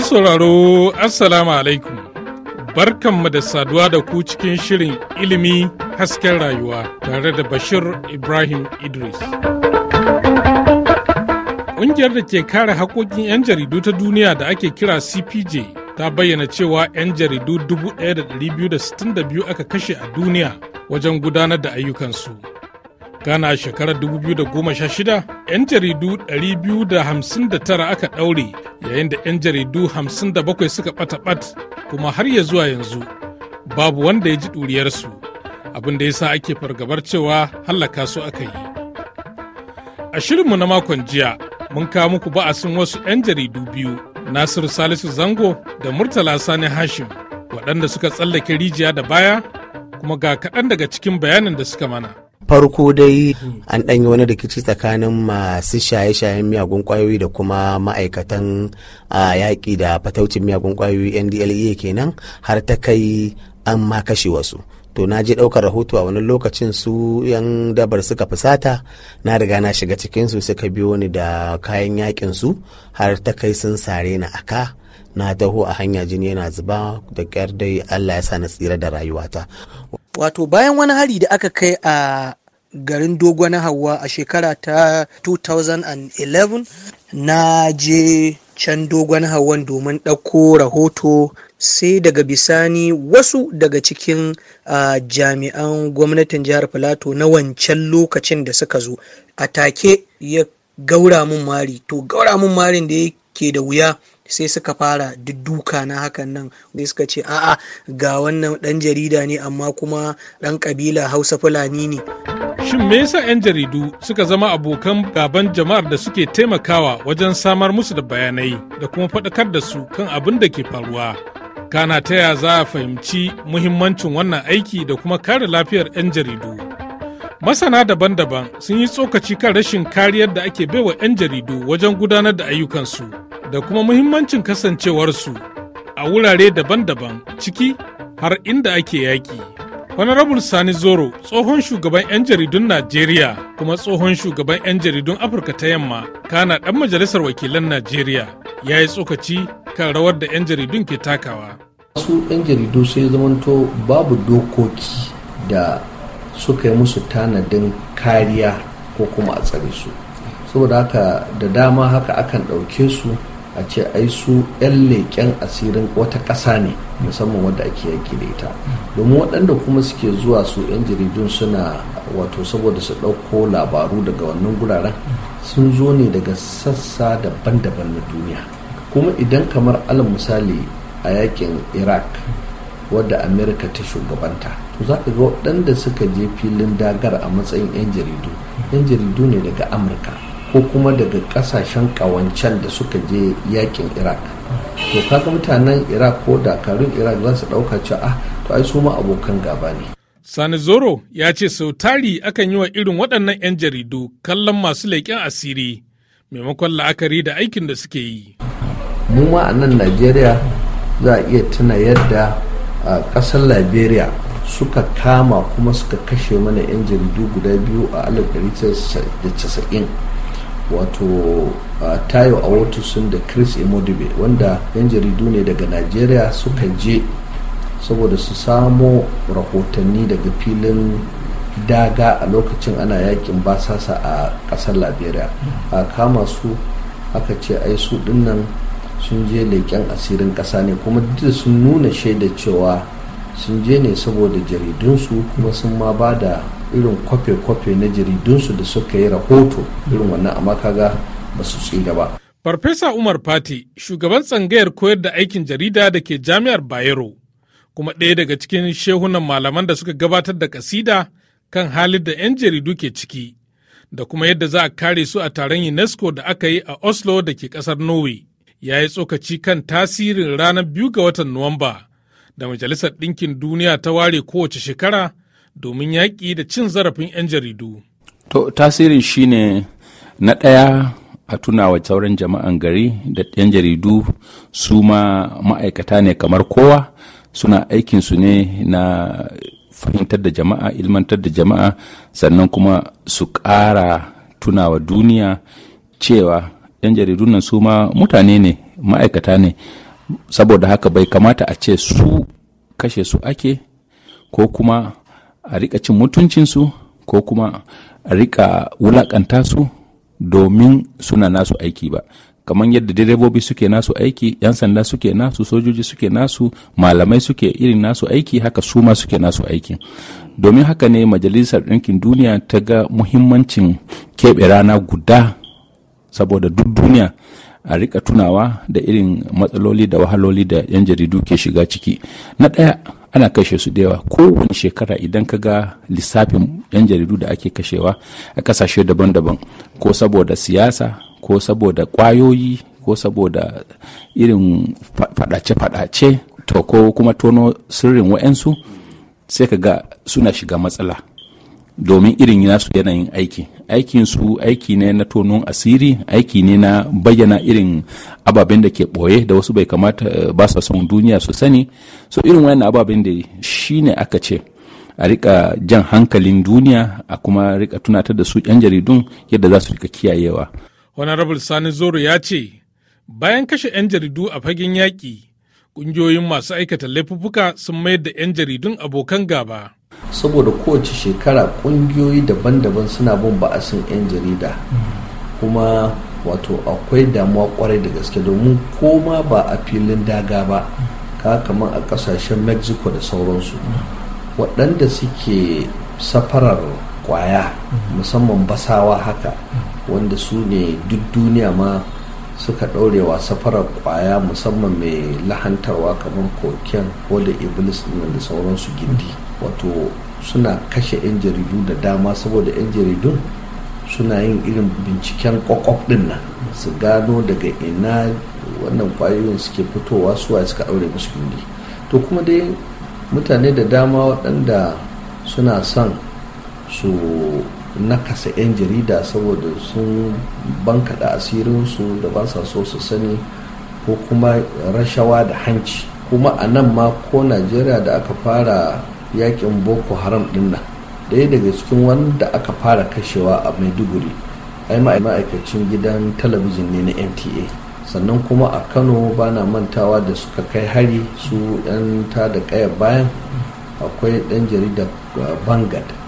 sauraro assalamu alaikum barkanmu da saduwa da ku cikin shirin ilimi hasken rayuwa tare da bashir ibrahim idris ƙungiyar da ke kare haƙoƙin 'yan jaridu ta duniya da ake kira cpj ta bayyana cewa 'yan jaridu 1262 aka kashe a duniya wajen gudanar da ayyukansu Ghana a shekarar 2016 'yan jaridu 259 aka ɗaure yayin da 'yan jaridu 57 suka ɓata-ɓat kuma har ya zuwa yanzu babu wanda ya ji ɗuriyarsu abin da ya sa ake fargabar cewa hallaka su aka yi. A shirinmu na makon jiya mun kawo muku ba'asin wasu 'yan jaridu biyu Nasiru Salisu Zango da Murtala Sani Hashim waɗanda suka tsallake rijiya da baya kuma ga kaɗan daga cikin bayanin da suka mana. farko dai hmm. an ɗanyi wani rikici tsakanin masu shaye-shayen miyagun kwayoyi da kuma ma'aikatan yaƙi da fataucin miyagun kwayoyi ndlea kenan har ta kai an ma kashe wasu to na je ɗaukar rahoto a wani lokacin su yan dabar suka fusata na riga na shiga cikin su suka biyo ni da kayan yakin su har ta kai sun sare na aka na taho a hanya jini yana zuba da kyar dai allah ya sa na tsira da rayuwata wato bayan wani hari da aka kai a garin Dogon na hawa a shekara ta 2011 na je can dogon hawan domin ɗauko rahoto sai daga bisani wasu daga cikin jami'an gwamnatin jihar filato na wancan lokacin da suka zo a take ya gaura mun mari to gaura mun marin da yake da wuya sai suka fara dudduka na hakan nan sai suka ce a'a ga wannan dan jarida ne amma kuma dan kabila hausa fulani ne shin me yasa 'yan jaridu suka zama abokan gaban jama'ar da suke taimakawa wajen samar musu da bayanai da kuma faɗakar da su kan abin da ke faruwa kana ta ya za a fahimci muhimmancin wannan aiki da kuma kare lafiyar 'yan jaridu masana daban-daban sun yi tsokaci kan rashin kariyar da ake baiwa 'yan jaridu wajen gudanar da ayyukansu da kuma muhimmancin kasancewarsu a wurare daban-daban ciki har inda ake yaƙi. honorabul Sani Zoro tsohon shugaban 'yan jaridun Najeriya kuma tsohon shugaban 'yan jaridun Afirka ta yamma kana ɗan majalisar wakilan Najeriya ya yi tsokaci kan rawar da 'yan jaridun ke takawa. wasu 'yan jaridu sai zamanto babu dokoki da suka yi musu tanadin kariya ko kuma a tsare su. Saboda haka da dama haka akan ɗauke su a ce ai su 'yan leƙen asirin wata ƙasa ne musamman wadda ake yaki da ita domin waɗanda kuma suke zuwa su 'yan jaridun suna wato saboda su ɗauko labaru daga wannan guraren sun zo ne daga sassa daban-daban na duniya kuma idan kamar alal misali a yakin iraq wadda amerika ta shugabanta to za ka ga waɗanda suka je filin dagar a matsayin 'yan jaridu 'yan jaridu ne daga amurka ko kuma daga kasashen kawancen da suka je yakin iraq to kaga mutanen iraq ko dakarun iraq za su dauka cewa ah to ai su ma abokan gaba ne sani zoro ya ce sau tari akan yi wa irin waɗannan 'yan jaridu kallon masu leƙen asiri maimakon la'akari da aikin da suke yi mu ma a nan najeriya za a iya tuna yadda a ƙasar liberia suka kama kuma suka kashe mana 'yan jaridu guda biyu a 1990 wato tayo a sun da chris imodibe wanda yan jaridu ne daga nigeria suka je saboda su samo rahotanni daga filin daga a lokacin ana yakin basasa a kasar liberia a kama su aka ce ai su dinnan sun je leƙen asirin ƙasa ne kuma duk sun nuna shaida cewa sun je ne saboda jaridunsu kuma sun ma ba da irin kwafe-kwafe na jaridunsu da suka yi rahoto irin wannan amma kaga ba su tsira ba. Farfesa Umar Fati shugaban tsangayar koyar da aikin jarida da ke jami'ar Bayero kuma ɗaya daga cikin shehunan malaman da suka gabatar da kasida kan halin da 'yan jaridu ke ciki da kuma yadda za a kare su a taron UNESCO da aka yi a Oslo da ke ƙasar Norway ya yi tsokaci kan tasirin ranar biyu ga watan Nuwamba da Majalisar Ɗinkin Duniya ta ware kowace shekara domin yaƙi da cin zarafin 'yan jaridu. To tasirin shine na ɗaya a tunawa sauran jama'an gari da 'yan jaridu su ma ma'aikata ne kamar kowa suna aikinsu ne na fahimtar da jama'a ilmantar da jama'a sannan kuma su ƙara tunawa duniya cewa 'yan jaridu nan su ma mutane ne ma'aikata ne saboda haka bai kamata a ce su kashe su ake ko kuma a rika cin mutuncinsu ko kuma a rika wulakanta su domin suna nasu aiki ba kamar yadda direbobi suke nasu aiki yan sanda suke nasu sojoji suke nasu malamai suke irin nasu aiki haka su ma suke nasu aiki domin haka ne majalisar ɗinkin duniya ta ga muhimmancin keɓe rana guda saboda duk duniya a rika tunawa da irin matsaloli da wahaloli da yan jaridu ke shiga ciki na ɗaya ana kashe su da yawa kowane shekara idan ka ga lissafin yan jaridu da ake kashewa a kasashe daban-daban ko saboda siyasa ko saboda kwayoyi ko saboda irin fadace-fadace to ko kuma tono sirrin wa'yansu sai ka ga suna shiga matsala domin irin nasu yanayin aiki aikin su aiki ne na tonon asiri aiki ne na bayyana irin ababen da ke ɓoye da wasu bai kamata eh, ba sa son duniya su sani so irin wannan ababen da shi ne aka ce a rika jan hankalin duniya a kuma rika tunatar da su 'yan jaridun yadda za su rika kiyayewa honorable sani zoro ya ce bayan kashe 'yan jaridu a fagen yaƙi ƙungiyoyin masu aikata laifuffuka sun mayar da 'yan jaridun abokan gaba saboda kowace shekara kungiyoyi daban-daban suna bin ba'asin 'yan jarida kuma wato akwai damuwa kwarai da gaske domin koma ba a filin daga ba ka kamar a kasashen mexico da sauransu waɗanda suke safarar kwaya musamman basawa haka wanda su ne duk duniya ma suka wasa safarar ƙwaya musamman mai lahantarwa kamar koken ko da iblis da sauransu gindi wato suna kashe 'yan jaridu da dama saboda 'yan jaridun suna yin irin binciken ƙwaƙwaf ɗin nan su gano daga ina wannan ƙwayoyin suke fitowa suwa suka ɗaure musu gindi to kuma dai mutane da dama waɗanda suna son su na kasa 'yan jarida saboda sun bankaɗa asirinsu da ba sa so su sani ko kuma rashawa da hanci kuma a nan ma ko najeriya da aka fara yakin boko haram nan ɗaya daga cikin wanda aka fara kashewa a maiduguri ai ma'aikacin gidan talabijin ne na nta sannan kuma a kano bana mantawa da suka kai hari su 'yan ta da kaya bayan akwai ɗan jarida bangada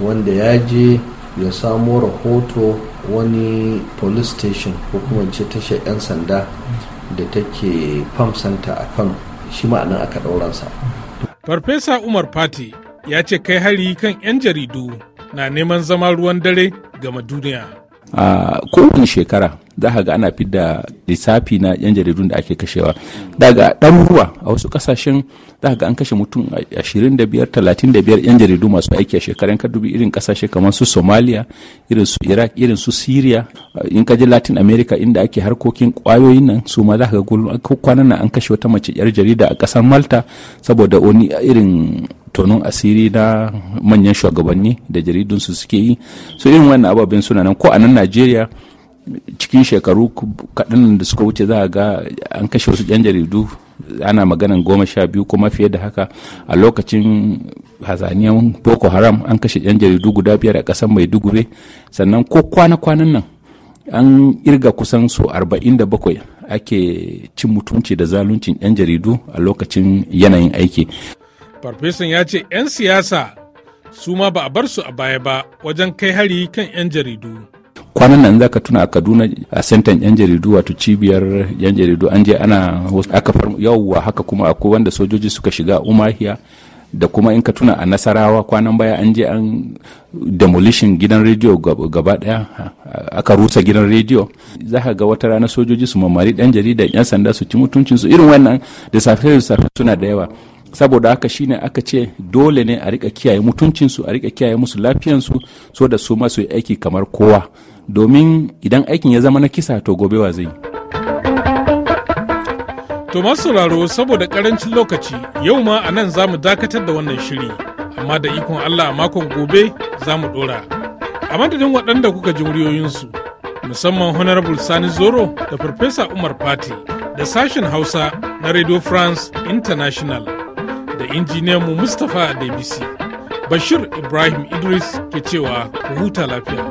wanda ya je ya samo rahoto wani police station ko kuma ce tashar 'yan sanda da take farm center a kano shi ma'anan aka ɗauransa. farfesa umar fati ya ce kai hari kan 'yan jaridu na neman zama ruwan dare gama duniya a kowane shekara za ka ga ana fidda lissafi na yan jaridun da ake kashewa daga ɗaruruwa a wasu kasashen za ka ga an kashe mutum 25 35 yan jaridu masu aiki a shekaran ka dubi irin kasashe kamar su somalia irin su iraq irin su syria in ka je latin america inda ake harkokin ƙwayoyin nan su ma za ka ga kwanan nan an kashe wata mace yar jarida a ƙasar malta saboda wani irin tonon asiri na manyan shugabanni da jaridunsu suke yi su irin wannan ababen suna nan ko a nan najeriya cikin shekaru kaɗan da suka wuce za a ga an kashe wasu yan jaridu ana maganan goma sha biyu kuma fiye da haka a lokacin hazaniyan boko haram an kashe yan jaridu guda biyar a mai maiduguri sannan ko kwana-kwanan nan an irga kusan su arba'in da bakwai ake cin mutunci da zaluncin yan jaridu a lokacin yanayin aiki farfesan ya ce 'yan siyasa su ma ba a bar su a baya ba wajen kai hari kan 'yan jaridu kwanan nan zaka tuna a kaduna a sentan yan jaridu wato cibiyar yan jaridu an je ana aka yawwa haka kuma akwai wanda sojoji suka shiga umahiya da kuma in ka tuna a nasarawa kwanan baya an je an demolition gidan rediyo gaba daya aka rusa gidan rediyo za ka ga wata rana sojoji su mamari dan jarida yan sanda su ci mutuncinsu irin wannan da safe suna da yawa saboda haka shine aka ce dole ne a rika kiyaye mutuncinsu a rika kiyaye musu lafiyansu so da su masu aiki kamar kowa domin idan aikin ya zama na kisa to gobewa zai to masu sauraro saboda karancin lokaci yau ma a nan za mu dakatar da wannan shiri amma da ikon allah a makon gobe za mu dora a madadin waɗanda kuka ji muryoyinsu musamman honorable sani zoro da farfesa umar fati da sashen hausa na radio france international da injiniyan mu Mustapha Debisi. Bashir Ibrahim Idris ke cewa ku huta lafiya.